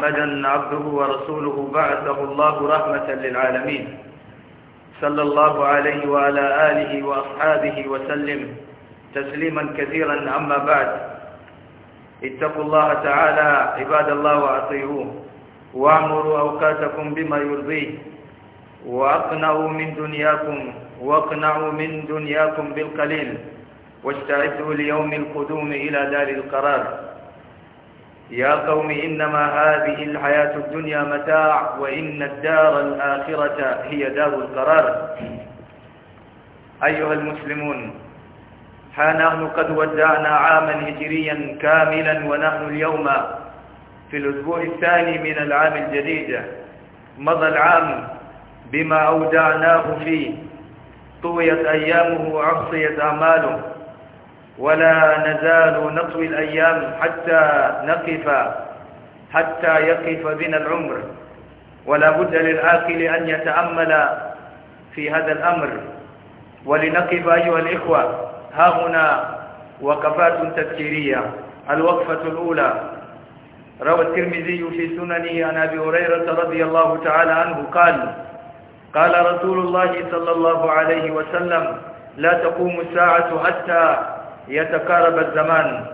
محمدا عبده ورسوله بعثه الله رحمة للعالمين صلى الله عليه وعلى آله وأصحابه وسلم تسليما كثيرا أما بعد اتقوا الله تعالى عباد الله وأطيعوه وأعمروا أوقاتكم بما يرضيه وأقنعوا من دنياكم واقنعوا من دنياكم بالقليل واستعدوا ليوم القدوم إلى دار القرار يا قوم إنما هذه الحياة الدنيا متاع وإن الدار الآخرة هي دار القرار أيها المسلمون ها نحن قد ودعنا عاما هجريا كاملا ونحن اليوم في الأسبوع الثاني من العام الجديد مضى العام بما أودعناه فيه طويت أيامه وعصيت أعماله ولا نزال نطوي الأيام حتى نقف حتى يقف بنا العمر ولا بد للعاقل أن يتأمل في هذا الأمر ولنقف أيها الإخوة ها هنا وقفات تذكيرية الوقفة الأولى روى الترمذي في سننه عن أبي هريرة رضي الله تعالى عنه قال قال رسول الله صلى الله عليه وسلم لا تقوم الساعة حتى يتقارب الزمان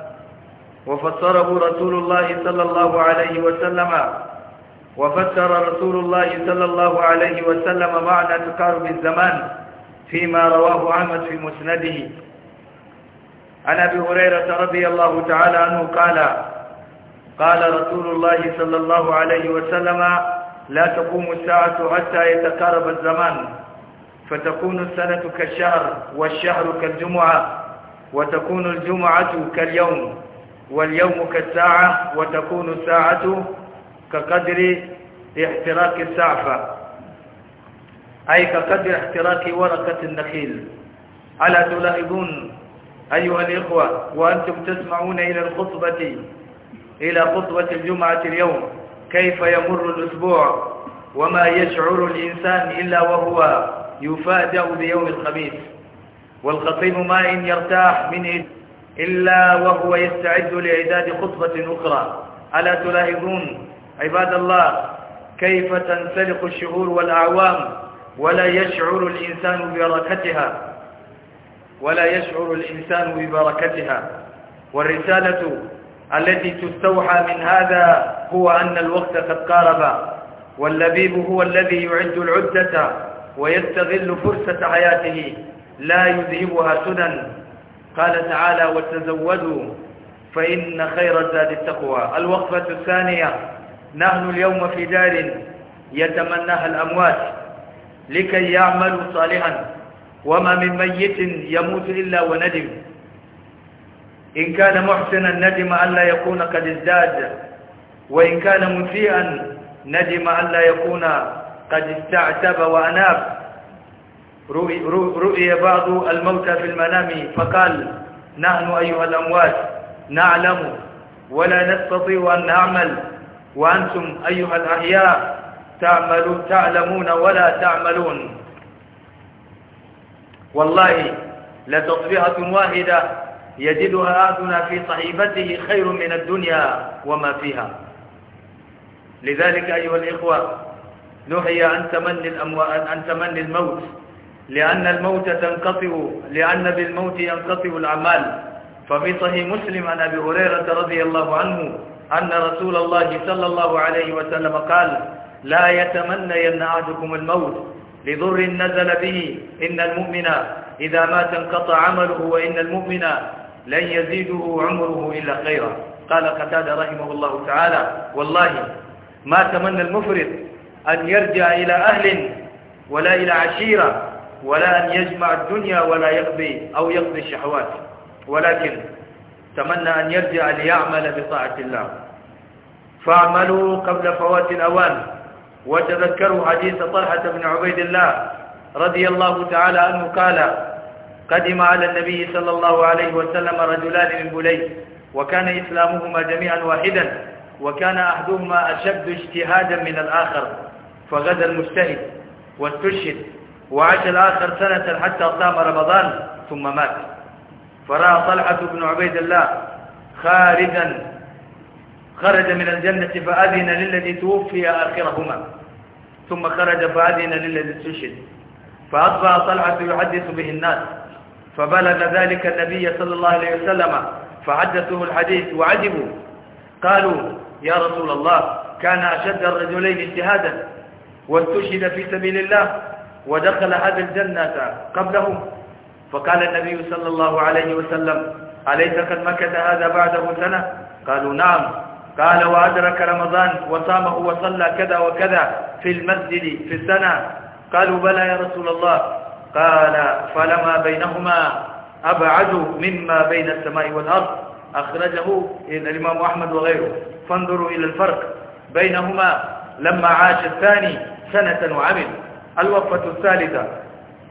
وفسره رسول الله صلى الله عليه وسلم وفسر رسول الله صلى الله عليه وسلم معنى تقارب الزمان فيما رواه أحمد في مسنده عن أبي هريرة رضي الله تعالى عنه قال قال رسول الله صلى الله عليه وسلم لا تقوم الساعة حتى يتقارب الزمان فتكون السنة كالشهر والشهر كالجمعة وتكون الجمعة كاليوم واليوم كالساعة وتكون الساعة كقدر احتراق السعفة أي كقدر احتراق ورقة النخيل ألا تلاحظون أيها الإخوة وأنتم تسمعون إلى الخطبة إلى خطبة الجمعة اليوم كيف يمر الأسبوع وما يشعر الإنسان إلا وهو يفاجأ بيوم الخميس والخطيب ما إن يرتاح منه إلا وهو يستعد لإعداد خطبة أخرى ألا تلاحظون عباد الله كيف تنسلق الشهور والأعوام ولا يشعر الإنسان ببركتها ولا يشعر الإنسان ببركتها والرسالة التي تستوحى من هذا هو أن الوقت قد قارب واللبيب هو الذي يعد العدة ويستغل فرصة حياته لا يذهبها سنن قال تعالى وتزودوا فإن خير الزاد التقوى الوقفة الثانية نحن اليوم في دار يتمناها الأموات لكي يعملوا صالحا وما من ميت يموت إلا وندم إن كان محسنا ندم أن لا يكون قد ازداد وإن كان مسيئا ندم أن لا يكون قد استعتب وأناب رؤي بعض الموتى في المنام فقال نحن أيها الأموات نعلم ولا نستطيع أن نعمل وأنتم أيها الأحياء تعلمون ولا تعملون والله لتطبيعة واحدة يجدها أهدنا في صحيفته خير من الدنيا وما فيها لذلك أيها الإخوة نحيى عن تمني, أن تمني الموت لأن الموت تنقطع لأن بالموت ينقطع الأعمال ففي صحيح مسلم عن أبي هريرة رضي الله عنه أن رسول الله صلى الله عليه وسلم قال لا يتمنى ينعدكم الموت لضر نزل به إن المؤمن إذا مات انقطع عمله وإن المؤمن لن يزيده عمره إلا خيرا قال قتادة رحمه الله تعالى والله ما تمنى المفرد أن يرجع إلى أهل ولا إلى عشيرة ولا أن يجمع الدنيا ولا يقضي أو يقضي الشهوات ولكن تمنى أن يرجع ليعمل بطاعة الله فاعملوا قبل فوات الأوان وتذكروا حديث طلحة بن عبيد الله رضي الله تعالى عنه قال قدم على النبي صلى الله عليه وسلم رجلان من بلي وكان إسلامهما جميعا واحدا وكان أحدهما أشد اجتهادا من الآخر فغدا المجتهد واستشهد وعاش الآخر سنة حتى صام رمضان ثم مات فرأى طلحة بن عبيد الله خارجا خرج من الجنة فأذن للذي توفي آخرهما ثم خرج فأذن للذي استشهد فأصبح طلحة يحدث به الناس فبلغ ذلك النبي صلى الله عليه وسلم فحدثوه الحديث وعجبوا قالوا يا رسول الله كان أشد الرجلين اجتهادا واستشهد في سبيل الله ودخل هذا الجنة قبلهم فقال النبي صلى الله عليه وسلم أليس قد مكث هذا بعده سنة قالوا نعم قال وأدرك رمضان وصامه وصلى كذا وكذا في المسجد في السنة قالوا بلى يا رسول الله قال فلما بينهما أبعد مما بين السماء والأرض أخرجه الإمام أحمد وغيره فانظروا إلى الفرق بينهما لما عاش الثاني سنة وعمل الوقفة الثالثة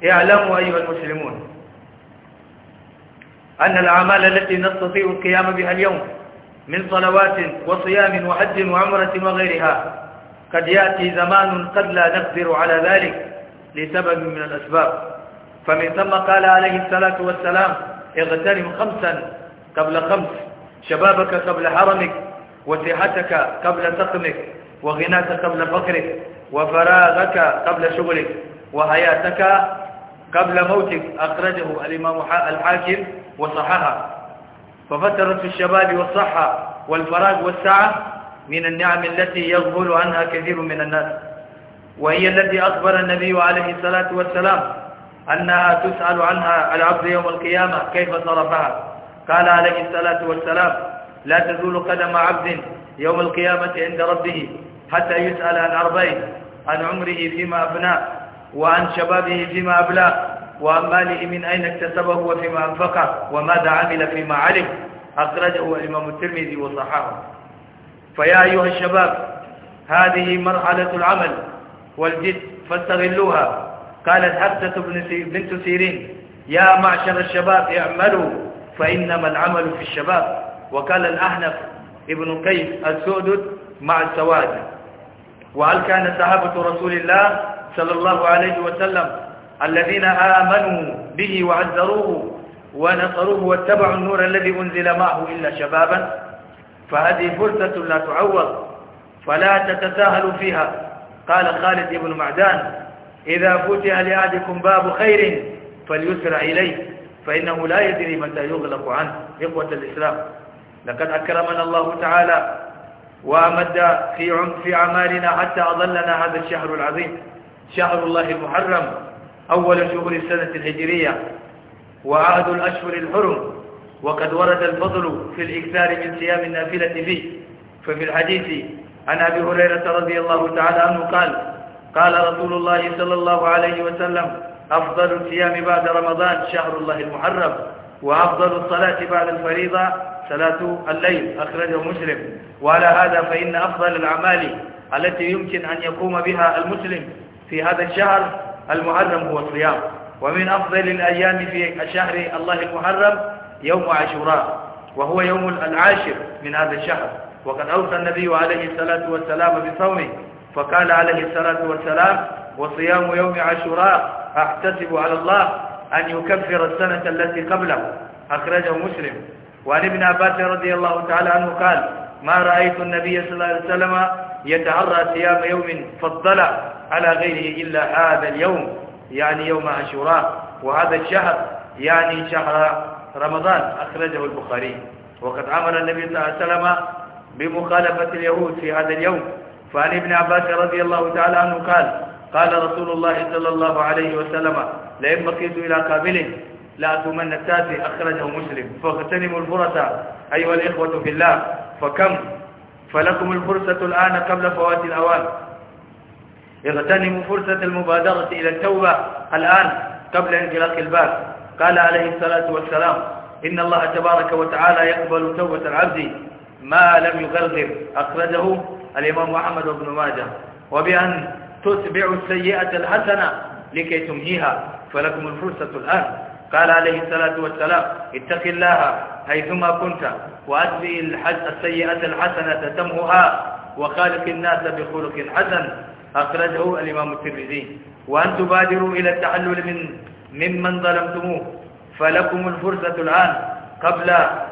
اعلموا أيها المسلمون أن الأعمال التي نستطيع القيام بها اليوم من صلوات وصيام وحج وعمرة وغيرها قد يأتي زمان قد لا نقدر على ذلك لسبب من الأسباب فمن ثم قال عليه الصلاة والسلام اغتنم خمسا قبل خمس شبابك قبل حرمك وصحتك قبل سقمك وغناك قبل فقرك وفراغك قبل شغلك وحياتك قبل موتك أخرجه الإمام الحاكم وصححه ففترة الشباب والصحة والفراغ والسعة من النعم التي يغفل عنها كثير من الناس وهي التي أخبر النبي عليه الصلاة والسلام أنها تسأل عنها العبد يوم القيامة كيف صرفها قال عليه الصلاة والسلام لا تزول قدم عبد يوم القيامة عند ربه حتى يسأل عن أربعين عن عمره فيما أبناه وعن شبابه فيما أبلاه وعن ماله من أين اكتسبه وفيما أنفقه وماذا عمل فيما علم أخرجه الإمام الترمذي وصححه فيا أيها الشباب هذه مرحلة العمل والجد فاستغلوها قالت حفصة بنت سيرين يا معشر الشباب اعملوا فإنما العمل في الشباب وقال الأحنف ابن قيس السؤدد مع السواد وهل كان صحابة رسول الله صلى الله عليه وسلم الذين آمنوا به وعزروه ونصروه واتبعوا النور الذي أنزل معه إلا شبابا فهذه فرصة لا تعوض فلا تتساهلوا فيها قال خالد بن معدان إذا فتح لأحدكم باب خير فليسرع إليه فإنه لا يدري متى يغلق عنه إخوة الإسلام لقد أكرمنا الله تعالى وأمد في في أعمالنا حتى أظلنا هذا الشهر العظيم شهر الله المحرم أول شهور السنة الهجرية وعهد الأشهر الحرم وقد ورد الفضل في الإكثار من صيام النافلة فيه ففي الحديث عن أبي هريرة رضي الله تعالى عنه قال قال رسول الله صلى الله عليه وسلم أفضل الصيام بعد رمضان شهر الله المحرم وأفضل الصلاة بعد الفريضة صلاة الليل أخرجه مسلم وعلى هذا فإن أفضل الأعمال التي يمكن أن يقوم بها المسلم في هذا الشهر المحرم هو الصيام ومن أفضل الأيام في شهر الله المحرم يوم عاشوراء وهو يوم العاشر من هذا الشهر وقد أوصى النبي عليه الصلاة والسلام بصومه فقال عليه الصلاة والسلام وصيام يوم عاشوراء أحتسب على الله أن يكفر السنة التي قبله أخرجه مسلم وعن ابن عباس رضي الله تعالى عنه قال ما رأيت النبي صلى الله عليه وسلم يتعرى صيام يوم فضل على غيره إلا هذا اليوم يعني يوم عاشوراء وهذا الشهر يعني شهر رمضان أخرجه البخاري وقد عمل النبي صلى الله عليه وسلم بمخالفة اليهود في هذا اليوم فعن ابن عباس رضي الله تعالى عنه قال قال رسول الله صلى الله عليه وسلم لئن بقيت إلى قابل لا تمن التاسع أخرجه مسلم فاغتنموا الفرصة أيها الإخوة في الله فكم فلكم الفرصة الآن قبل فوات الأوان اغتنموا فرصة المبادرة إلى التوبة الآن قبل انغلاق الباب قال عليه الصلاة والسلام إن الله تبارك وتعالى يقبل توبة العبد ما لم يغرغر أخرجه الإمام محمد بن ماجه وبأن تتبع السيئة الحسنة لكي تمهيها فلكم الفرصة الآن قال عليه الصلاة والسلام اتق الله حيثما كنت وأتبئ السيئة الحسنة تمهها وخالق الناس بخلق حسن أخرجه الإمام الترمذي وأن تبادروا إلى التحلل من ممن ظلمتموه فلكم الفرصة الآن قبل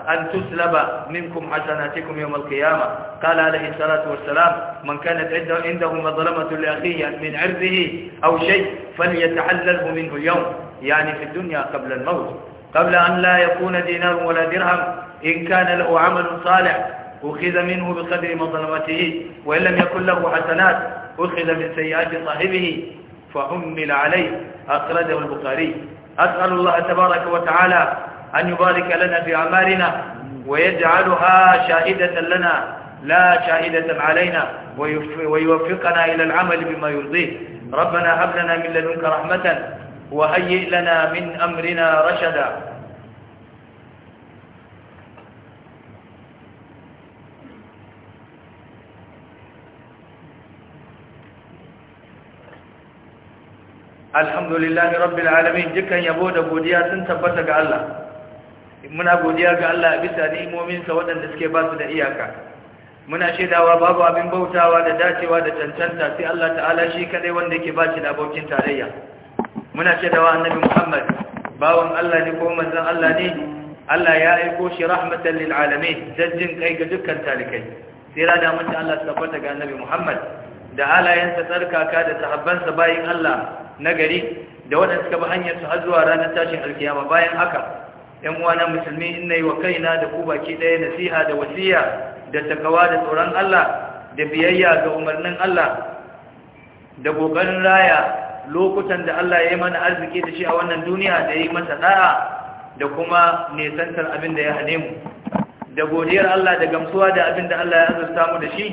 أن تسلب منكم حسناتكم يوم القيامة قال عليه الصلاة والسلام من كانت عنده مظلمة لأخيه من عرضه أو شيء فليتحلله منه اليوم يعني في الدنيا قبل الموت قبل أن لا يكون دينار ولا درهم إن كان له عمل صالح أخذ منه بقدر مظلمته وإن لم يكن له حسنات أخذ من سيئات صاحبه فحمل عليه أخرجه البخاري أسأل الله تبارك وتعالى أن يبارك لنا في أعمالنا ويجعلها شاهدة لنا لا شاهدة علينا ويوفقنا إلى العمل بما يرضيه ربنا هب لنا من لدنك رحمة وهيئ لنا من أمرنا رشدا الحمد لله رب العالمين جكا يبود godiya sun الله muna godiya ga Allah bisa ni'imominsa waɗanda suke ba su da iyaka muna shaidawa babu abin bautawa da dacewa da cancanta sai Allah ta'ala shi kadai wanda yake ba shi da abokin tarayya muna shaidawa annabi Muhammad bawan Allah ne ko manzon Allah ne Allah ya aiko shi rahmatan lil alamin dajjin kai ga dukkan talikai sai rada mun Allah tabbata ga annabi Muhammad da halayensa tsarkaka da sahabbansa bayin Allah nagari da waɗanda suka bi hanyar su har zuwa ranar tashin alkiyama bayan haka yan uwana musulmi in nayi wa kaina da ku baki ɗaya nasiha da wasiya da takawa da tsoron Allah da biyayya ga umarnin Allah da kokarin raya lokutan da Allah ya yi mana arziki da shi a wannan duniya da yi masa da'a da kuma nesantar abin da ya hane mu da godiyar Allah da gamsuwa da abin da Allah ya azurta mu da shi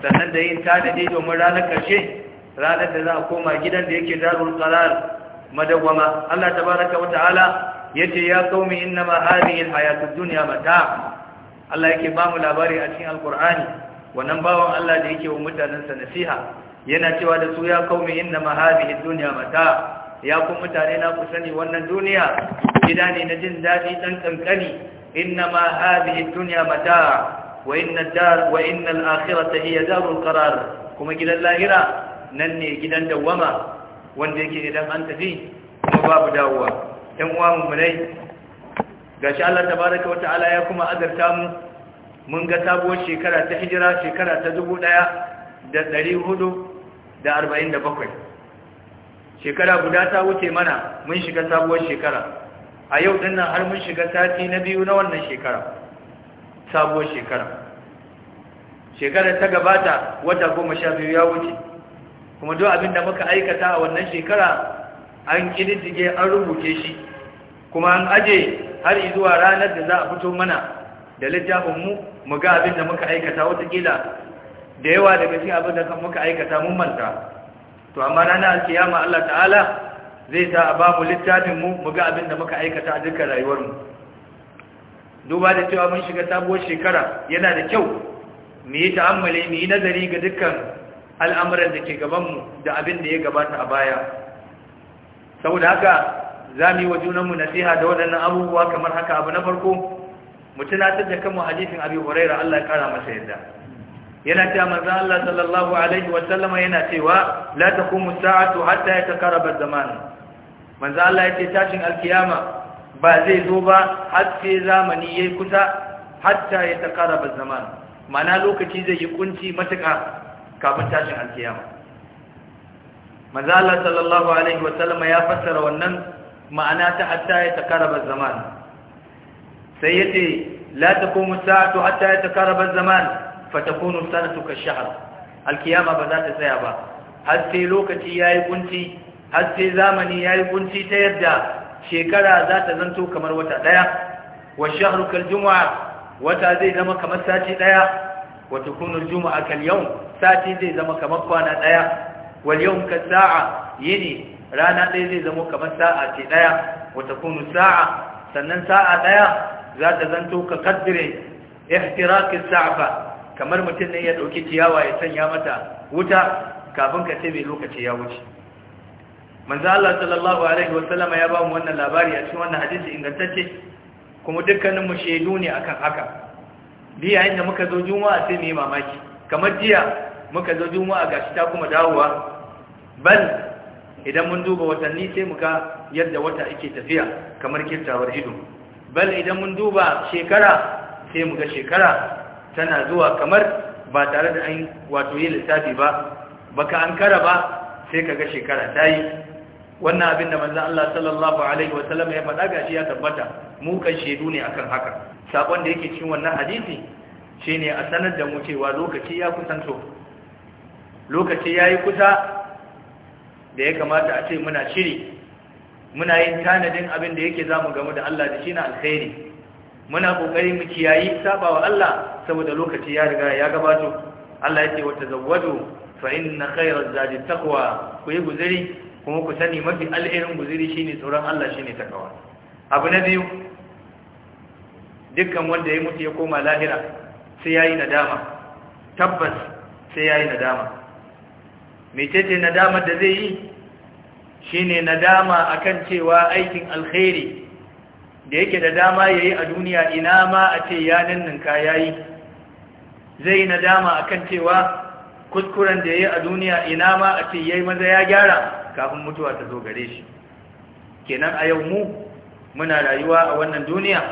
sannan da yin tanadi domin ranar ƙarshe ranar da za a koma gidan da yake darul qarar madawama Allah tabaraka wa ta'ala yace ya qaumi innama hadhihi alhayatud dunya mata Allah yake ba mu labari a cikin alqur'ani wannan bawan Allah da yake wa mutanansa nasiha yana cewa da su ya qaumi innama hadhihi dunya mata ya ku mutane na ku sani wannan duniya gida ne na jin daɗi dan kankani innama hadhihi ad-dunya mata wa inna dar wa inna akhirata hiya darul qarar kuma gidan lahira nan ne gidan dawama wanda yake idan an tafi kuma babu dawowa yan uwa mu Ga shi Allah tabaraka wata'ala ya kuma azarta mu mun ga sabuwar shekara ta hijira shekara ta dubu ɗaya da ɗari hudu da arba'in da bakwai shekara guda ta wuce mana mun shiga sabuwar shekara a yau dinnan har mun shiga sati na biyu na wannan shekara sabuwar shekara shekara ta gabata wata goma sha biyu ya wuce kuma duk abin da muka aikata a wannan shekara an ƙididdige an rubuce shi kuma an aje har zuwa ranar da za a fito mana da littafinmu mu ga abin da muka aikata watakila da yawa daga cikin abin da muka aikata mun manta to amma ranar alkiyama Allah ta'ala zai sa a bamu littafinmu mu ga abin da muka aikata a dukkan rayuwarmu duba da cewa mun shiga sabuwar shekara yana da kyau mu yi ta'ammali mu yi nazari ga dukkan al'amuran da ke gabanmu da abin da ya gabata a baya saboda haka za mu yi wa junanmu nasiha da waɗannan abubuwa kamar haka abu na farko mu tunatar da kanmu hadisin abi huraira Allah ya kara masa yadda yana cewa manzon Allah sallallahu alaihi wa sallama yana cewa la taqumu sa'atu hatta yatakaraba zaman manzon Allah ya yace tashin alkiyama ba zai zo ba har sai zamani yayi kusa hatta yatakaraba zaman mana lokaci zai yi kunci matuka, kafin tashin alkiyama manzon Allah sallallahu alaihi wa sallama ya fassara wannan ma'ana ta hatta ya takaraba zaman sai ya yace la taqumu sa'atu hatta ya takaraba zaman fa takunu sanatu ka shahar alkiyama ba za ta tsaya ba har sai lokaci ya yi kunci har sai zamani ya yi kunci ta yadda shekara za ta zanto kamar wata daya wa shahar kal juma'a wata zai zama kamar sati daya wa takunu al-jumu'a kal yawm sati zai zama kamar kwana daya wal yau ka sa'a yini rana ɗaya zai zamo kamar sa'a ce ɗaya wata kunu sa'a sannan sa'a ɗaya za ta zanto ka kaddire ihtirakin sa'afa kamar mutum ne ya ɗauki ciyawa ya sanya mata wuta kafin ka ce mai lokaci ya wuce manzo Allah sallallahu alaihi ya ba mu wannan labari a cikin wannan hadisi ingantacce kuma dukkanin mu shaidu ne akan haka bi yayin da muka zo juma'a sai mu yi mamaki kamar jiya muka zo juma'a gashi ta kuma dawowa bal idan mun duba watanni sai muka yadda wata ake tafiya kamar kirtawar ido bal idan mun duba shekara sai muga shekara tana zuwa kamar ba tare da an wato yi lissafi ba baka an kara ba sai ga shekara ta yi wannan abin da manzan Allah sallallahu Alaihi wasallam ya faɗa gashi ya tabbata mu kan shaidu ne akan haka sakon da yake cikin wannan hadisi shine a sanar da mu cewa lokaci ya kusanto lokaci ya yi kusa da ya kamata a ce muna shiri muna yin tanadin abin da yake zamu gamu da Allah da shi na alkhairi muna kokari mu kiyayi sabawa Allah saboda lokaci ya riga ya gabato Allah yake wata tazawwadu fa inna khayra zadi taqwa ku yi guzuri kuma ku sani mafi alherin guzuri shine tsoron Allah shine takawa abu na biyu dukkan wanda ya mutu ya koma lahira sai yayi nadama tabbas sai yayi nadama mecece nadamar da zai yi Shi shine nadama kan cewa aikin alkhairi da yake da dama ya yi a duniya ina ma a ce ya yi yayi zai nadama kan cewa kuskuren da ya yi a duniya ina ma a ce ya yi maza ya gyara kafin mutuwa ta zo gare shi kenan a yau mu muna rayuwa a wannan duniya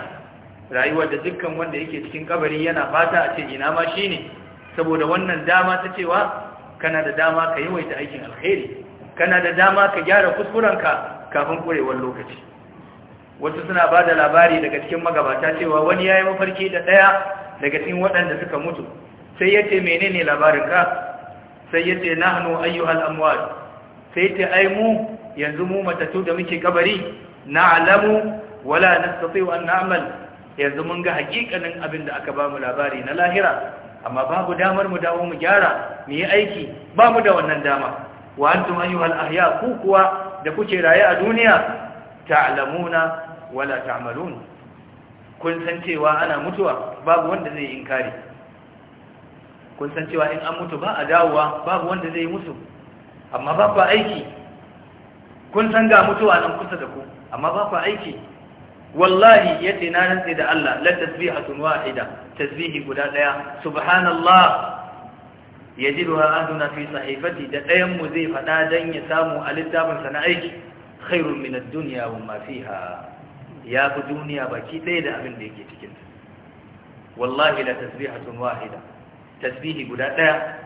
rayuwar da dukkan wanda yake cikin kabari yana fata a ce ina ma shi ne saboda wannan dama ta cewa kana da dama ka yawaita aikin alkhairi kana da dama ka gyara kuskurenka kafin kurewar lokaci wasu suna ba da labari daga cikin magabata cewa wani ya yi mafarki da ɗaya daga cikin waɗanda suka mutu sai ya ce mene ne labarinka sai ya ce na hannu ayyu al’amwar sai ce ai mu yanzu mu matattu da muke kabari na alamu wala na na na'mal yanzu mun ga hakikanin abin da aka ba mu labari na lahira amma babu damar mu dawo mu gyara mu yi aiki ba mu da wannan dama wa antum ayyuhal ahya ku kuwa da kuke raye a duniya ta'lamuna wala ta'malun kun san cewa ana mutuwa babu wanda zai inkari kun san cewa in an mutu ba a dawowa babu wanda zai musu amma ba ku aiki kun san ga mutuwa nan kusa da ku amma ba ku aiki wallahi yace na rantsi da Allah la tasbihatun wahida tasbihi guda daya subhanallah yajiduha aduna fi sahifati da dayan mu zai fada dan ya samu a littafin sa na aiki khairun min ad-dunya wa ma fiha ya fi duniya baki ɗaya da abin da yake cikin ta wallahi la tasbihatun wahida tasbihi guda daya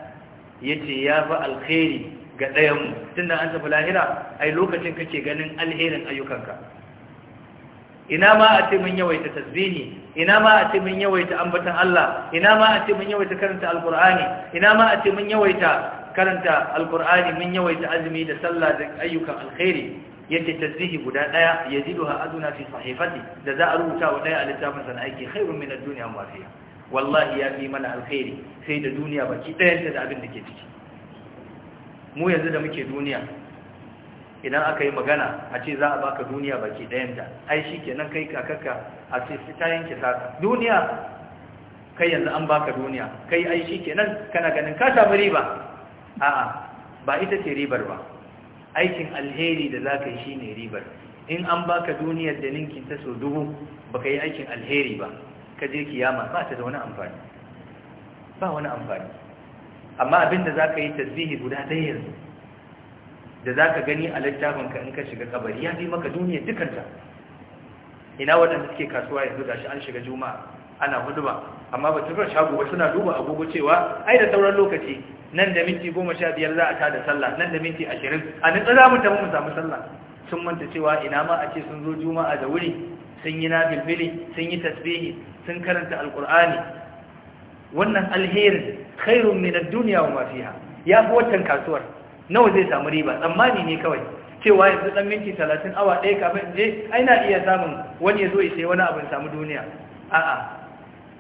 yace ya fi alkhairi ga dayan mu tunda an tafi lahira ai lokacin kake ganin alherin ayyukanka ina ma a ce mun yawaita tasbihi ina ma a ce mun yawaita ambatan Allah ina ma a ce mun yawaita karanta alqur'ani ina ma a ce mun yawaita karanta alqur'ani mun yawaita azumi da sallah da ayyukan alkhairi yace tasbihi guda daya yajiduha aduna fi sahifati da za a rubuta wa daya a littafin sana aiki khairun min ad-dunya wa fiha wallahi ya fi mana alkhairi sai da duniya baki dayanta da abin da ke ciki mu yanzu da muke duniya idan aka yi magana a ce za a baka duniya baki dayanta. ai shi kenan kai kakakka a ce ta yanke saka duniya kai yanzu an baka duniya kai ai shi kenan kana ganin ka samu riba a'a ba ita ce ribar ba aikin alheri da za ka yi shi ne ribar in an baka duniyar da ninkin ta so dubu ba ka yi aikin alheri ba ka je kiyama ba ta da wani amfani ba wani amfani amma abinda za ka yi tasbihi guda ɗaya yanzu da za ka gani a littafin in ka shiga kabari ya fi maka duniya dukanta ina waɗanda suke kasuwa yanzu gashi an shiga juma'a ana huduba amma ba turar shago ba suna duba agogo cewa ai da sauran lokaci nan da minti goma sha biyar za a tada sallah nan da minti ashirin a nan za mu tafi mu samu sallah sun manta cewa ina ma a ce sun zo juma'a da wuri sun yi nabilbili sun yi tasbihi sun karanta alkur'ani wannan alherin khairun min ad-dunya wa ma fiha ya fi watan kasuwar nawa zai samu riba tsammani ne kawai cewa yanzu dan minti 30 awa ɗaya kafin je ai na iya samun wani ya zo ya sai wani abin samu duniya a'a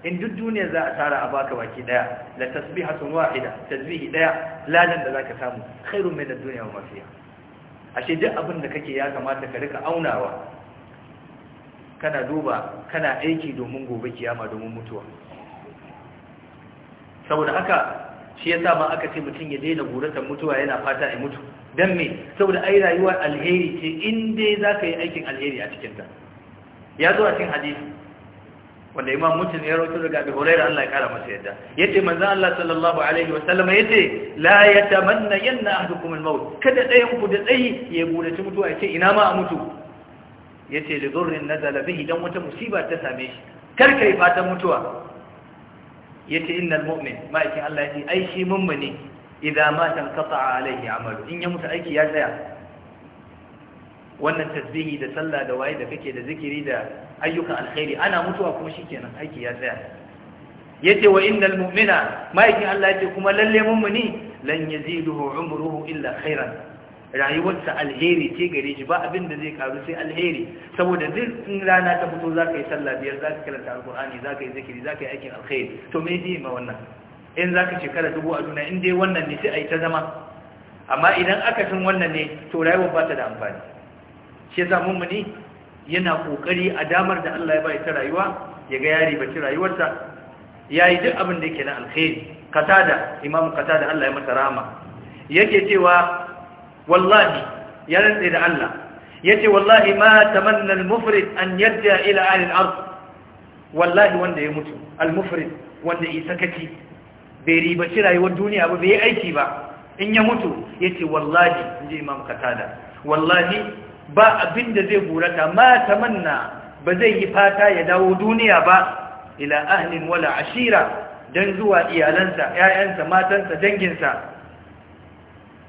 in duk duniya za a tara a baka baki daya la tasbihatun wahida tasbihi daya ladan da zaka samu khairu min ad-dunya wa ma fiha ashe duk abin da kake ya kamata ka rika aunawa kana duba kana aiki domin gobe kiyama domin mutuwa saboda haka shi sa ma aka ce mutum ya daina guratan mutuwa yana fata ya mutu Don me saboda ai rayuwar alheri ce inda za ka yi aikin alheri a cikin ya zo a cikin hadisi wanda Imam Muslim ya rawaito daga Abu Hurairah Allah ya kara masa yadda yace manzo Allah sallallahu alaihi wasallam yace la tamanna yanna ahdukum al-maut kada daya ku da tsayi ya gurata mutuwa ce ina ma a mutu yace da dhurrin na bihi idan wata musiba ta same shi kar yi fatan mutuwa yace innal mu'min ma'aikin Allah yace ai shi mummuni idan ma tanqata alaihi amalu in ya mutu aiki ya tsaya wannan tasbihi da sallah da waye da kake da zikiri da ayyukan alkhairi ana mutuwa kuma shikenan aiki ya tsaya yace wa innal mu'mina ma'aikin Allah yace kuma lalle mummuni lan yaziduhu umruhu illa khairan rayuwarsa alheri ce gare shi ba abin da zai karu sai alheri saboda duk rana ta fito za ka yi sallah biyar za ka karanta alkur'ani za ka yi zikiri za ka yi aikin alheri to me ne ma wannan in za ka shekara dubu a duniya in dai wannan ne sai a yi ta zama amma idan aka san wannan ne to rayuwar ba ta da amfani shi yasa yana kokari a damar da Allah ya bai ta rayuwa ya ga yari bace rayuwarsa yayi duk abin da yake na alheri katada imamu katada Allah ya masa rahama yake cewa wallahi ya rantse da Allah yace wallahi ma tamanna al-mufrid an yarja ila ahli al-ard wallahi wanda ya mutu al-mufrid wanda kaci, bai ribaci rayuwar duniya ba bai aiki ba in ya mutu yace wallahi inji imam katada wallahi ba abinda zai burata ma tamanna ba zai yi fata ya dawo duniya ba ila ahlin wala ashira dan zuwa iyalansa ƴaƴansa matansa danginsa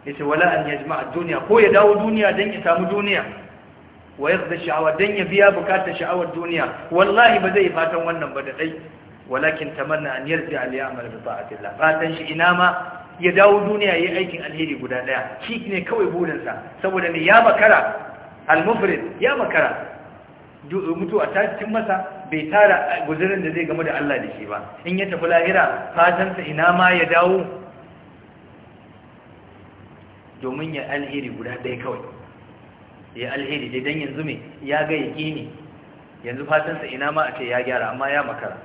yace wala an yajma'a duniya ko ya dawo duniya dan ya samu duniya wa da sha'awa dan ya biya bukatar sha'awar duniya wallahi ba zai fatan wannan ba da dai walakin tamanna an yarji al ya'mal bi ta'atillah fatan shi ina ma ya dawo duniya yi aikin alheri guda daya shi ne kawai burinsa saboda ne ya makara al mufrid ya makara mutuwa ta cin masa bai tara guzurin da zai gamu da Allah da shi ba in ya tafi lahira fatansa ina ma ya dawo domin ya alheri guda ɗaya kawai ya alheri dai don yanzu mai ya ga ya ƙini yanzu fatansa ina ma a ce ya gyara amma ya makara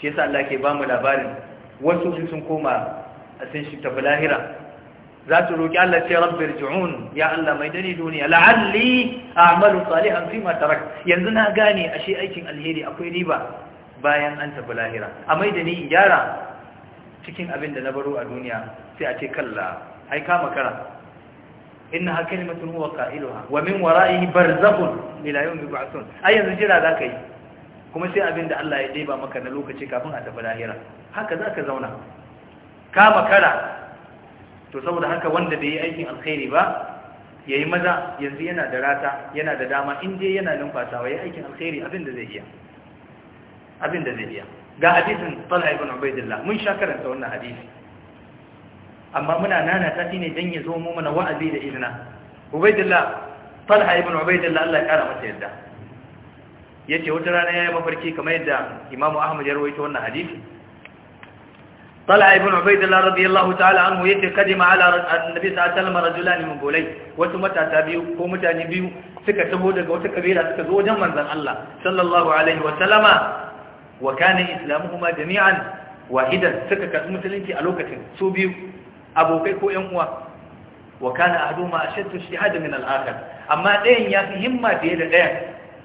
shi yasa Allah ke ba mu labarin wasu sun koma a sun shi tafi lahira za su roƙi Allah ce rabbi ji'un ya Allah mai dani duniya la'alli a'malu salihan fi ma tarak yanzu na gane ashe aikin alheri akwai riba bayan an tafi lahira a mai da ni in gyara cikin abin da na baro a duniya sai a ce kalla ai ka makara innaha kalimatun huwa qailuha wa min wara'ihi barzakhun ila bi yub'athun ai yanzu jira zaka yi kuma sai abin da Allah ya ɗeba maka na lokaci kafin a tafi lahira haka ka zauna ka makara to saboda haka wanda bai yi aikin alkhairi ba yayi maza yanzu yana da rata yana da dama in dai yana numfasawa yi aikin alkhairi abin da zai iya abin da zai iya ga hadisin Talha ibn Ubaidillah mun sha karanta wannan hadisi amma muna nana ta shine dan ya zo mu mana wa'azi da izina Ubaidillah Talha ibn Ubaidillah Allah ya kara masa yadda yace wata rana yayi mafarki kamar yadda Imam Ahmad ya rawaito wannan hadisi طلع ابن عبيد الله رضي الله تعالى عنه يتقدم على النبي صلى الله عليه وسلم رجلان wasu matata biyu ko mutane biyu suka taho daga wata kabila suka zo wajen manzon Allah sallallahu alaihi wa sallama wa kana islamuhuma jami'an wahidan suka karbi musulunci a lokacin su biyu abokai ko ƴan uwa wa kana ahaduhuma ashaddu ijtihada min al-akhar amma ɗayan ya fi himma fiye da ɗayan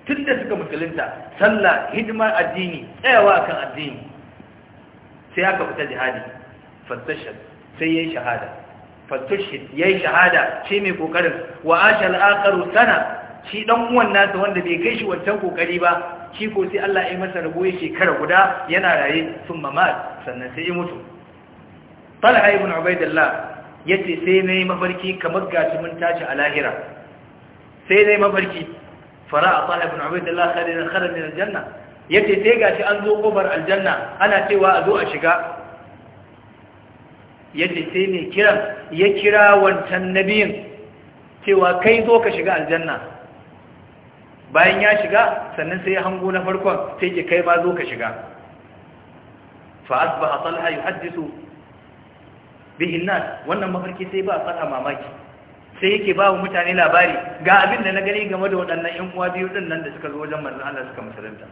tunda suka musulunta sallah hidimar addini tsayawa akan addini sai aka fita jihadi fattashad sai yayi shahada fattashid yayi shahada shi mai kokarin wa ashal akharu sana shi dan uwan nasa wanda bai kai shi wancan kokari ba shi ko sai Allah ya masa rabo ya shekara guda yana raye sun mamat sannan sai ya mutu talha ibn ubaidillah ce sai na yi mafarki kamar gashi mun tashi a lahira sai na yi mafarki fara fara'a talha ibn ubaidillah khalidan kharaj min aljanna yace sai gashi an zo kofar aljanna ana cewa a zo a shiga yace sai ne kiran ya kira wancan nabiyin cewa kai zo ka shiga aljanna bayan ya shiga sannan sai ya hango na farkon sai ke kai ma zo ka shiga fa asbaha talha yuhaddisu bihi nan wannan mafarki sai ba fara mamaki sai yake ba wa mutane labari ga abin da na gani game da waɗannan ƴan uwa biyu din nan da suka zo wajen manzon Allah suka musulunta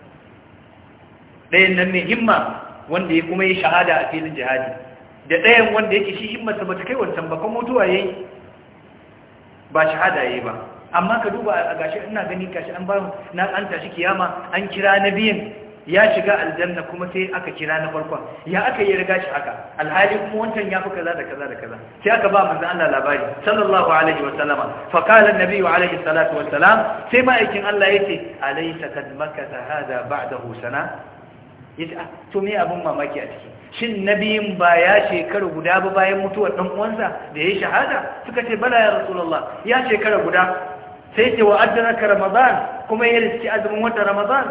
ɗayan nan mai himma wanda ya kuma yi shahada a filin jihadi da ɗayan wanda yake shi himmarsa ta kai wancan ba kuma mutuwa yayi ba shahada yayi ba amma ka duba a gashi ina gani gashi an ba na an tashi kiyama an kira na biyan ya shiga aljanna kuma sai aka kira na farkon ya aka yi riga shi haka alhali kuma wancan ya fi kaza da kaza da kaza sai aka ba manzo Allah labari sallallahu alaihi wa sallama fa qala an-nabi alaihi salatu wa salam sai ma'aikin Allah yace alaysa kad makatha hada ba'dahu sana yace ah, to me abun mamaki a ciki shin nabiyin ba ya shekara guda ba bayan mutuwar dan uwansa da ya shahada suka ce bala ya rasulullah ya shekara guda sai ce wa adraka ramadan kuma ya riski azumin wata ramadan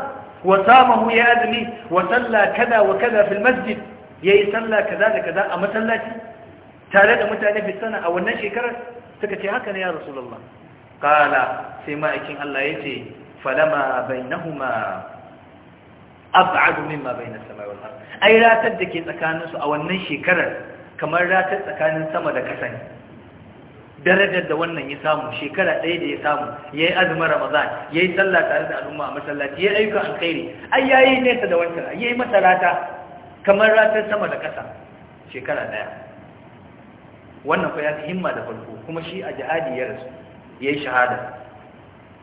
wa samahu ya azumi wa salla kada wa kada fil masjid yayi salla kada da kada a masallaci tare da mutane fi sana a wannan shekarar suka ce haka ne ya rasulullah qala sai ma'aikin Allah yace falama bainahuma ab'adu mimma bayna samai wal ard ai ratar da ke tsakaninsu a wannan shekarar kamar ratar tsakanin sama da kasa ne darajar da wannan ya samu shekara ɗaya da ya samu ya yi azumin ramadan ya yi tsalla tare da al'umma a masallaci ya yi ayyukan alkhairi ai ya yi nesa da wancan ya yi masa rata kamar ratar sama da ƙasa shekara ɗaya wannan fa ya fi himma da farko kuma shi a jihadi ya rasu ya yi shahada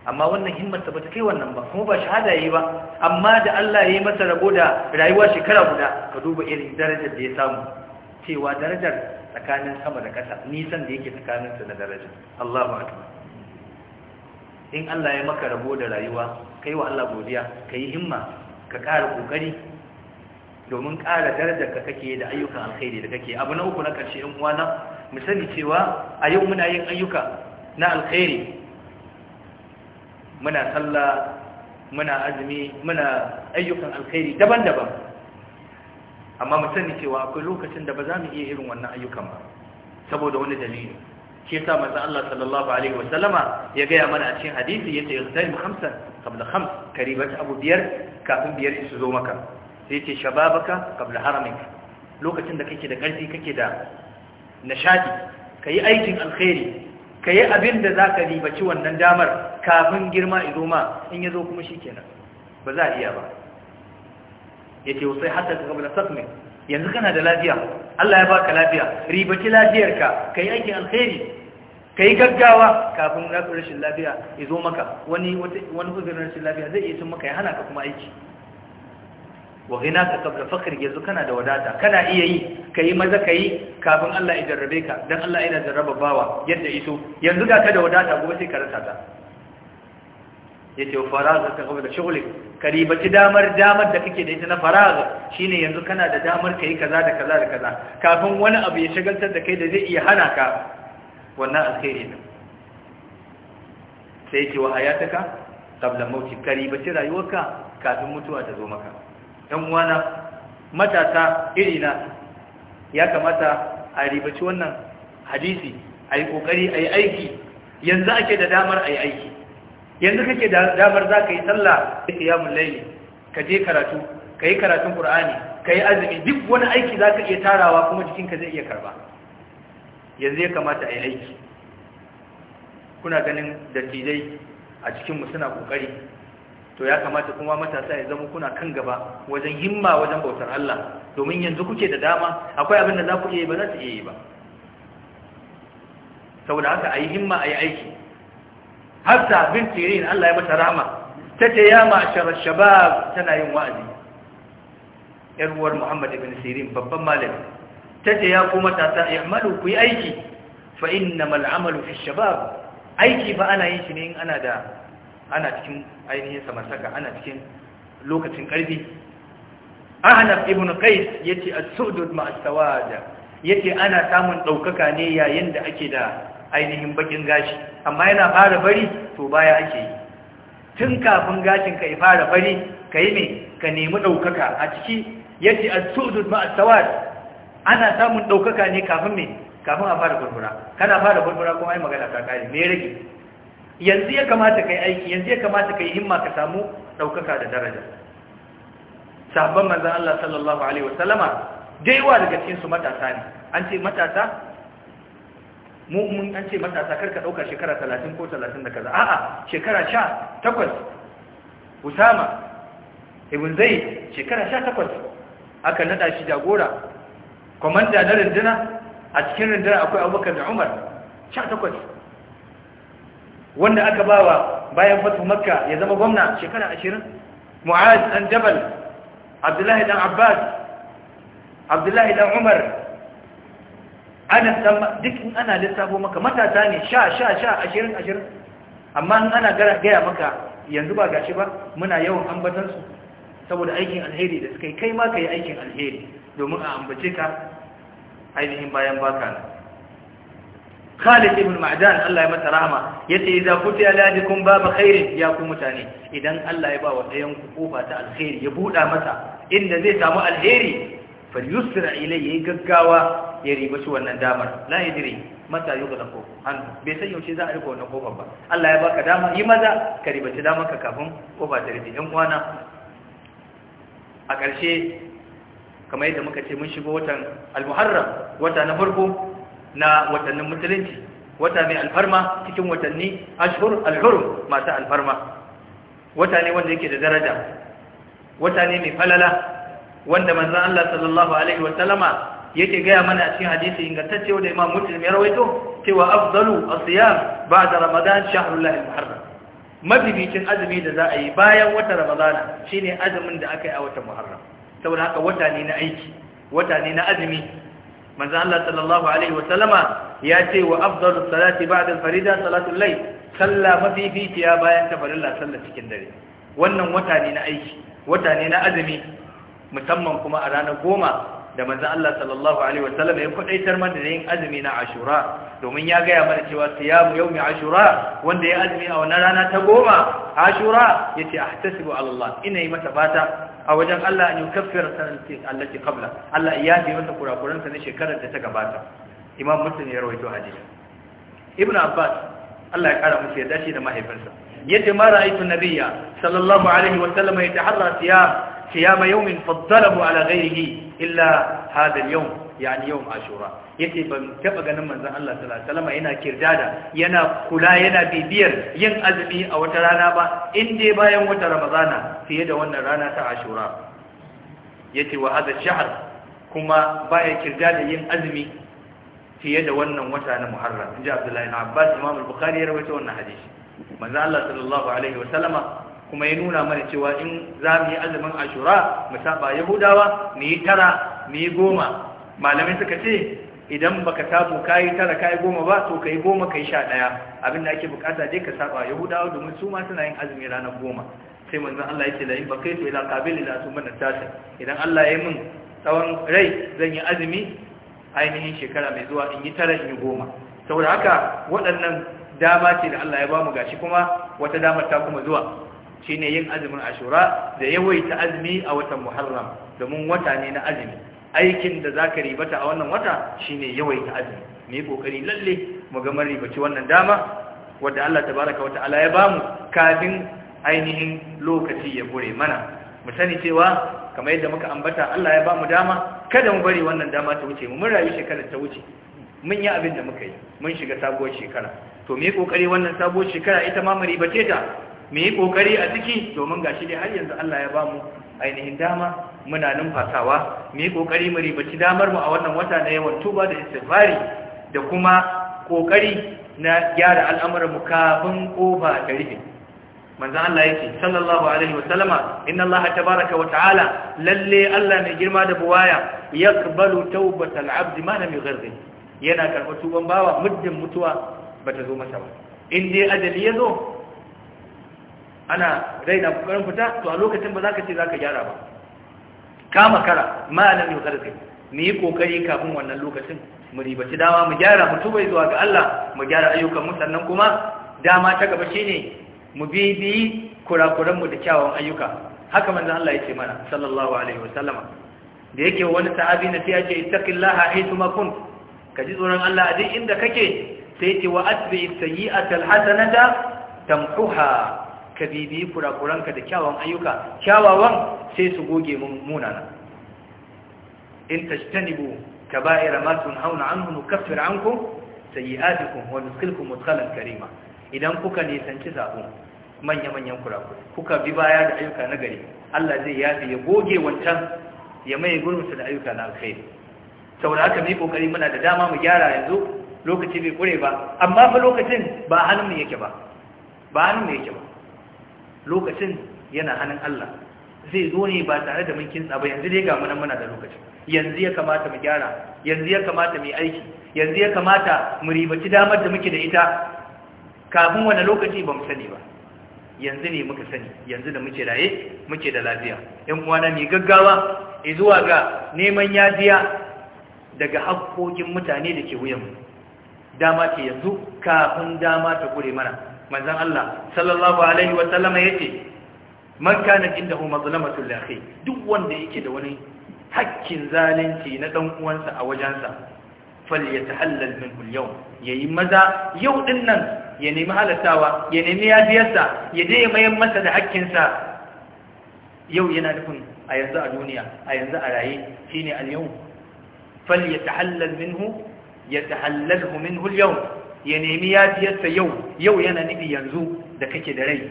amma wannan himmarsa ba ta kai wannan ba kuma ba shahada ya yi ba amma da Allah ya yi masa rabo da rayuwa shekara guda ka duba irin darajar da ya samu cewa darajar tsakanin sama da ƙasa nisan da yake tsakanin su na daraja Allahu akbar in Allah ya maka rabo da rayuwa kai wa Allah godiya kai himma ka ƙara kokari domin ƙara darajar ka kake da ayyukan alkhairi da kake abu na uku na ƙarshe in uwana mu sani cewa a yau muna yin ayyuka na alkhairi muna sallah muna azumi muna ayyukan alkhairi daban-daban amma mu sani cewa akwai lokacin da ba za mu iya irin wannan ayyukan ba saboda wani dalili shi yasa manzo Allah sallallahu alaihi wa sallama ya gaya mana a cikin hadisi ya yastaim khamsan qabla khams karibat abu biyar kafin biyar su zo maka sai yace shababaka qabla haramik lokacin da kake da karfi kake da nishadi kayi aikin alkhairi kayi abin da zaka ribaci wannan damar kafin girma izo ma in zo kuma kenan. ba za a iya ba yace wasai hatta ka da saqmi yanzu kana da lafiya Allah ya baka lafiya ribaki lafiyarka kai aikin alkhairi kai gaggawa kafin rashin lafiya ya zo maka wani wani uzurin rashin lafiya zai iya cin maka ya hana ka kuma aiki wa ka kabla fakhri yanzu kana da wadata kana iya yi kai maza kai kafin Allah ya jarrabe ka dan Allah yana jarraba bawa yadda iso yanzu ga ka da wadata gobe sai ka rasa ta yace faraga ta gaba da shughuli karibaci damar damar da kake da ita na Shi shine yanzu kana da damar kai kaza da kaza da kaza kafin wani abu ya shagaltar da kai da zai iya hana ka wannan alkhairi ne sai yace wa hayataka qabla mauti karibaci rayuwarka kafin mutuwa ta zo maka dan uwana matata irina ya kamata a ribaci wannan hadisi ai kokari yi aiki yanzu ake da damar yi aiki yanzu kake damar za ka yi sallah da kiyamun laili ka je karatu ka yi karatun ƙur'ani ka yi azumi duk wani aiki za ka iya tarawa kuma jikinka zai iya karba yanzu ya kamata a yi aiki kuna ganin dattijai a cikinmu suna ƙoƙari, to ya kamata kuma matasa ya zama kuna kan gaba wajen himma wajen bautar Allah domin yanzu kuke da dama akwai abin da za ku iya yi ba za su iya yi ba saboda haka a yi himma a yi aiki hafsa bin tirin Allah ya mata rahama ce ya ma'ashara shabab tana yin wa'azi yar uwar Muhammad ibn Sirin babban malami ce ya ku matasa i'malu ku yi aiki fa innamal amalu fi shabab aiki ba ana yin shi ne in ana da ana cikin ainihin samartaka ana cikin lokacin karfi Ahnaf ibn Qais yace as-sudud ma'a as-sawad yace ana samun daukaka ne yayin da ake da ainihin bakin gashi amma yana fara bari to baya ake yi tun kafin gashin ka ya fara bari ka yi mai ka nemi ɗaukaka a ciki yadda a sudut ma'asawar ana samun ɗaukaka ne kafin mai kafin a fara gurgura kana fara gurgura kuma ai magana ta kare me rage yanzu ya kamata kai aiki yanzu ya kamata kai himma ka samu ɗaukaka da daraja sahabban manzan Allah sallallahu alaihi wasallama gaiwa daga cikin su matasa ne an ce matasa mu mun an ce matasa karka ɗauka shekara talatin ko talatin da kaza a'a shekara sha takwas usama ibn zai shekara sha takwas aka naɗa shi jagora kwamanda na rinduna a cikin rinduna akwai abubakar da umar sha takwas wanda aka bawa bayan fatu makka ya zama gwamna shekara ashirin mu'az dan jabal abdullahi dan abbas abdullahi dan umar ana duk in ana lissafo maka matasa ne sha sha sha ashirin ashirin amma in ana gaya maka yanzu ba gashi ba muna yawan ambatansu saboda aikin alheri da suka yi kai ma yi aikin alheri domin a ambace ka ainihin bayan baka na Khalid ibn Ma'dan Allah ya masa rahama yace Ladi kuti aladikum baba khairin ya ku mutane idan Allah ya ba wa ɗayan ku kofa ta alheri ya buɗa masa inda zai samu alheri falyusra ilai yayi gaggawa ya riba shi wannan damar la yadri mata da ko hannu. bai san yaushe za a rika wannan kofar ba Allah ya baka dama yi maza ka ribaci damar ka kafin kofa ta rufe ɗan kwana a ƙarshe kamar yadda muka ce mun shigo watan al-muharram wata na farko na watannin musulunci wata mai alfarma cikin watanni ashhur al-hurum masu alfarma wata ne wanda yake da daraja wata ne mai falala wanda manzon Allah sallallahu alaihi wasallama yake gaya mana a cikin hadisi ingantacce wanda Imam Muslim ya rawaito cewa afdalu asiyam ba'da Ramadan shahrullahi al-muharram mabibicin azumi da za a yi bayan wata Ramadana shine azumin da aka yi a watan Muharram saboda haka wata ne na aiki wata ne na azumi manzo Allah sallallahu alaihi wasallama ya ce wa afdalu salati ba'da da farida salatul layl sallah mafificiya bayan tafarilla sallar cikin dare wannan wata ne na aiki wata ne na azumi musamman kuma a ranar goma da manzan Allah sallallahu Alaihi wasallam ya kudaitar mana da yin azumi na ashura domin ya gaya mana cewa siyamu yau mai ashura wanda ya azumi a wannan rana ta goma ashura ya ce a tasiru Allah ina yi mata fata a wajen Allah an yi kafiyar sanarci Allah ke kabla Allah ya ce mata kurakuransa na shekarar da ta gabata imam mutum ya rawaito hadisi ibn abbas Allah ya kara musu ya dace da mahaifinsa yadda ma ra'aytu nabiyya sallallahu alaihi wasallam yataharra siyam qiyama yawmin faddalahu ala ghayrihi illa hadha al-yawm yani yawm ashura yace ban taba ganin manzon Allah sallallahu alaihi wasallam yana kirdada yana kula yana bibiyar yin azumi a wata rana ba Inde bayan wata ramadana fiye da wannan rana ta ashura yace wa hadha shahr kuma baya kirdada yin azumi fiye da wannan wata na muharram inji Abdullahi ibn Abbas Imam al-Bukhari ya rawaito wannan hadisi manzon Allah sallallahu alaihi wasallama kuma ya nuna mana cewa in za mu yi azumin ashura mu saba yahudawa mu yi tara mu yi goma malamai suka ce idan baka ka yi tara ka yi goma ba to ka yi goma ka yi sha ɗaya. abin da ake bukata dai ka saba yahudawa domin su ma suna yin azumi ranar goma sai manzon Allah yake la in to ila kabil ila mana tasa idan Allah ya yi min tsawon rai zan yi azumi ainihin shekara mai zuwa in yi tara in yi goma saboda haka waɗannan dama ce da Allah ya bamu gashi kuma wata dama ta kuma zuwa shine yin azumin ashura da yawaita azumi a watan muharram domin wata ne na azumi aikin da zaka ribata a wannan wata shine yawaita azumi ne kokari lalle mu ga mun ribaci wannan dama wadda Allah wata ala ya bamu kafin ainihin lokaci ya gure mana mu sani cewa kamar yadda muka ambata Allah ya bamu dama kada mu bari wannan dama ta wuce mu mun rayu shekarar ta wuce mun yi abin da muka yi mun shiga sabuwar shekara to me kokari wannan sabuwar shekara ita ma mu ribace ta mu yi kokari a ciki domin ga shi dai har yanzu Allah ya bamu ainihin dama muna numfasawa mu yi kokari mu ribaci damar mu a wannan wata na yawan tuba da istighfari da kuma ƙoƙari na gyara al'amuran mu kafin kofa ta rufe manzan Allah yake sallallahu alaihi wa sallama inna Allah tabaraka wa ta'ala lalle Allah mai girma da buwaya yaqbalu tawbatal abd ma lam yughri yana karɓar tuban bawa muddin mutuwa bata zo masa ba in dai ajali ya zo ana raina kokarin fita to a lokacin ba za ka ce za ka gyara ba Kama makara ma'anar yau karfe mu yi kokari kafin wannan lokacin mu ribaci dama mu gyara mu tuba zuwa ga Allah mu gyara ayyukan mu sannan kuma dama ta gaba shine mu bi bi kurakuran mu da kyawun ayyuka haka manzon Allah yake mana sallallahu alaihi sallama. da yake wani sahabi na sai yace ittaqillaha haythuma kunt ka ji tsoron Allah a duk inda kake sai yace wa atbi sayyi'atal hasanata tamhuha ka bibiyi kurakuranka da kyawawan ayyuka kyawawan sai su goge munana in tajtanibu kaba'ira ma tunhauna anhu nukaffir ankum sayi'atikum wa nudkhilkum mudkhalan karima idan kuka nisanci sabo manya-manyan kurakurai kuka bi baya da ayyuka na gari Allah zai yafi ya goge wancan ya mai gurbinsa da ayyuka na alkhairi saboda haka mai kokari muna da dama mu gyara yanzu lokaci bai kure ba amma fa lokacin ba hannun mu yake ba ba hannun mu yake ba lokacin yana hannun Allah zai zo ne ba tare da mun kintsa ba yanzu dai ga mu nan muna da lokaci yanzu ya kamata mu gyara yanzu ya kamata mu yi aiki yanzu ya kamata mu ribaci damar da muke da ita kafin wani lokaci ba mu sani ba yanzu ne muka sani yanzu da muke raye muke da lafiya yan uwana mai gaggawa zuwa ga neman yajiya daga hakkokin mutane da ke mu, dama ce yanzu kafin dama ta kure mana manzon Allah sallallahu alaihi wa sallama yace man kana indahu mazlamatul akhi duk wanda yake da wani hakkin zalunci na ɗan uwansa a wajensa fal ya falyatahallal min al ya yi maza yau ɗin nan ya nemi halattawa ya nemi ya biyarsa, ya mayan masa da hakkinsa yau yana nufin a yanzu a duniya a yanzu a raye shi ne al-yawm Fal ya falyatahallal minhu yatahallalhu hu min yawm ya nemi yafiyarsa yau yau yana nufi yanzu da kake da rai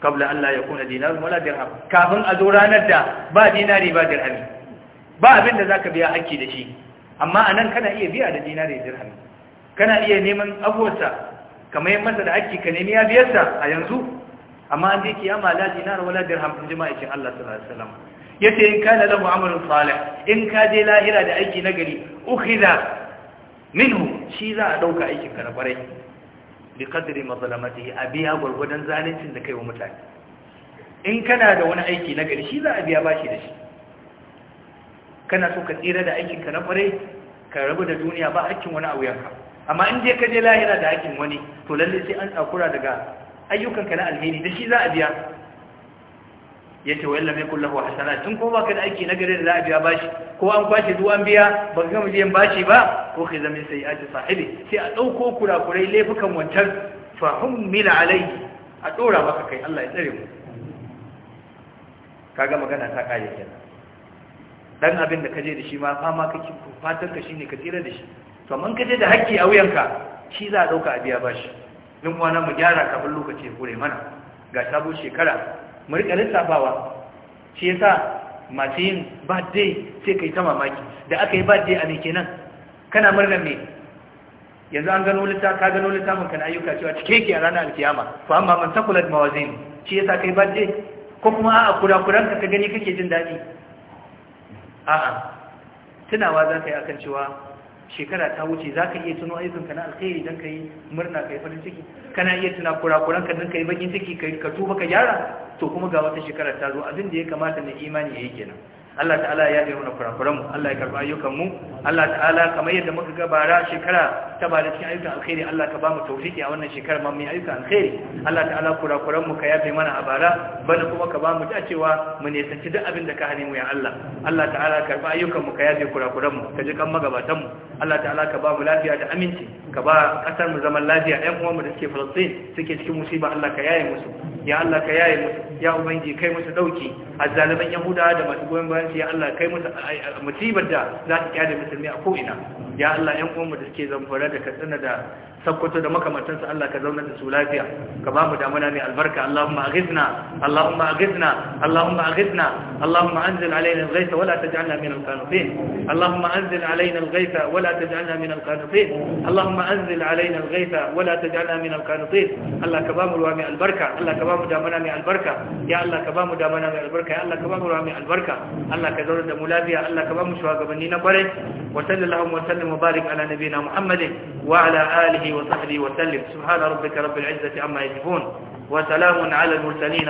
kabla Allah ya kuna dinar wala dirham kafin a zo ranar da ba dinari ba dirhami ba abin da zaka biya hakki da shi amma anan kana iya biya da dinari dirhami kana iya neman abuwarsa kamar yin masa da hakki ka nemi yafiyarsa a yanzu amma an je kiyama la dinar wala dirham in jima'a cikin Allah sallallahu alaihi wasallam yace in kana lahu amalun salih in ka je lahira da aiki nagari ukhidha minhu shi za a ɗauka aikin ka na ƙwarai bi kadri mazalamatihi a biya gwargwadon zalincin da kai wa mutane in kana da wani aiki na gari shi za a biya bashi da shi kana so ka tsira da aikin ka na ƙwarai ka rabu da duniya ba hakkin wani a wuyanka amma in je ka je lahira da hakkin wani to lallai sai an tsakura daga ayyukanka na alheri da shi za a biya ce wa yallame yakul lahu hasana tun ko ka da aiki na gare da za a biya bashi ko an kwashe duk an biya ba ka gama biyan bashi ba ko sai ya sayyiati sahibi sai a ɗauko kurakurai laifukan wancan fahim mila alai a ɗora maka kai Allah ya tsare mu Ka ga magana ta kare kenan dan abin da je da shi ma fama ka ki fatan ka shine ka tsira da shi to amma je da hakki a wuyanka shi za a ɗauka a biya bashi din wani mu gyara kafin lokaci kure mana ga sabon shekara mu rika lissafawa shi sa masu yin birthday sai kai ta mamaki da aka yi birthday a me kenan kana murnar ne? yanzu an gano lissa ka gano littafin kana ayyuka cewa cike yake a ranar alkiyama to amma man takulat mawazin shi ka kai birthday ko kuma a'a kura-kuran ka ka gani kake jin daɗi a'a tunawa za ka yi akan cewa shekara ta wuce za ka iya tuno ka na alkhairi don ka murna ka yi farin ciki kana iya tuna kurakuranka don ka yi bakin ciki ka tuba ka gyara to kuma ga wata shekara ta zo abin da ya kamata na imani ya yi kenan Allah ta'ala ya yi mana kurakuranmu Allah ya karɓi ayyukanmu Allah ta'ala kamar yadda muka ga bara shekara ta ba da cikin ayyukan alkhairi Allah ka ba mu tawfiki a wannan shekarar ma mu ayyukan alkhairi Allah ta'ala kurakuranmu ka yafe mana a bara bana kuma ka ba mu dacewa mu nisanci duk abin da ka hane mu ya Allah Allah ta'ala karɓi ayyukanmu ka yafe kurakuranmu ka ji kan magabatanmu Allah ta'ala ka ba mu lafiya da aminci ka ba kasar mu zaman lafiya ɗan uwanmu da suke Falastin suke cikin musiba Allah ka yaye musu ya Allah ka yaye musu ya ubangi kai musu dauki azzaliman yahuda da masu goyon bayan su ya Allah kai musu musibar da za ta kyale musulmi a ko ina ya Allah yan uwan mu da suke zamfara da katsina da sakkwato da makamantansu Allah ka zauna da su lafiya ka ba mu damuna mai albarka Allahumma aghithna Allahumma aghithna Allahumma aghithna Allahumma anzil alaina al-ghaytha wala taj'alna min al-qanitin Allahumma anzil alaina al-ghaytha wala taj'alna min al-qanitin Allahumma anzil alaina al-ghaytha wala taj'alna min al-qanitin Allah ka ba mu ruwa mai albarka Allah ka ba mu damuna mai albarka ya Allah ka ba mu damuna mai albarka ya Allah ka ba mu ruwa mai albarka Allah ka zauna da mu lafiya Allah ka ba mu shugabanni na kwarai wa sallallahu wa sallam wa barik ala nabiyina Muhammadin wa ala alihi وصحبه وسلم سبحان ربك رب العزة عما يصفون وسلام على المرسلين